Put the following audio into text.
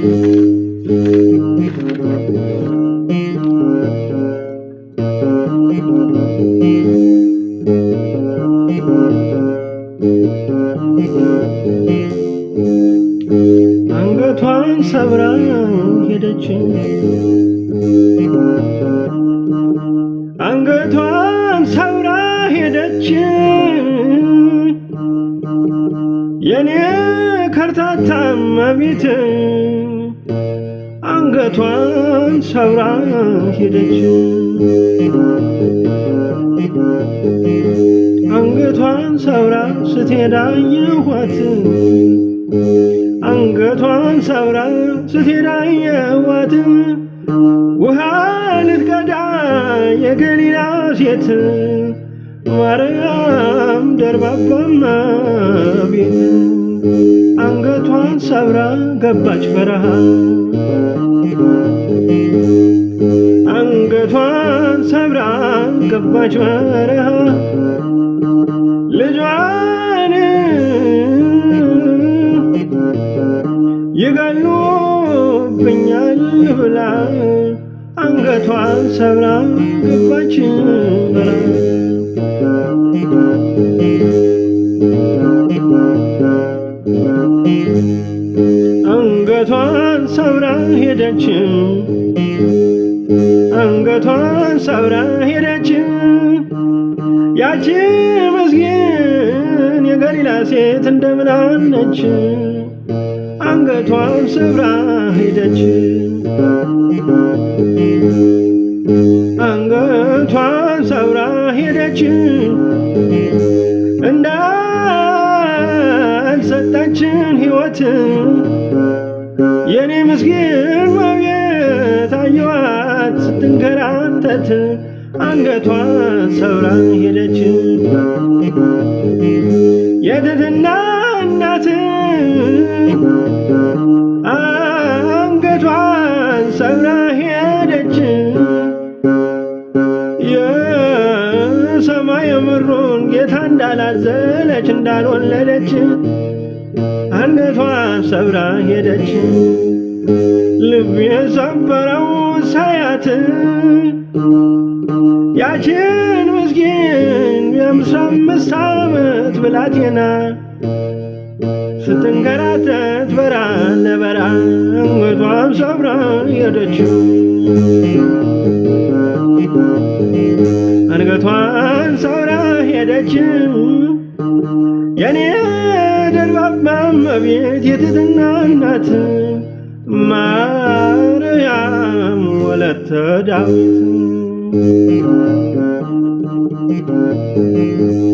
አንገቷን ሰብራ ሄደች። አንገቷን ሰብራ ሄደች። የኔ ከርታታ እመቤት አንገቷን ሰብራ ሄደች። አንገቷን ሰብራ ስትሄድ አንገቷን ሰብራ ስትሄድ አየኋት። ውሃ ልትቀዳ የገሊላ ሴት ማርያም ደርባባማ ቤት አንገቷን ሰብራ ገባች በረሃ በገባች በረሃ ልጇን ይገሉብኛል ብላ አንገቷን ሰብራ ገባች በረሃ አንገቷን ሰብራ ሄደች አንገቷን ሰብራ ሄደች ያቺ መስጊን የገሊላ ሴት እንደምናነች አንገቷም ስብራ ሰብራ ሄደች። አንገቷን ሰብራ ሄደች። እንዳልሰጠችን ሕይወት የኔ ምስኪን መቤት አየዋት ስትንከራተት አንገቷን ሰብራ ሄደች። የትትና እናት አንገቷን ሰብራ ሄደች። የሰማይ ምሩን ጌታ እንዳላዘለች እንዳልወለደች አንገቷን ሰብራ ሄደች። ልብ የሰበረው ሳያት ያችን ምስኪን የአምሳ አምስት ዓመት ብላቴና ስትንከራተት በራ ለበራ እንጎቷም ሰብራ ሄደችው። አንገቷን ሰብራ ሄደችው። የኔ ደርባባ እመቤት የትህትና እናት ማርያም ወለተ ዳዊት Thank you.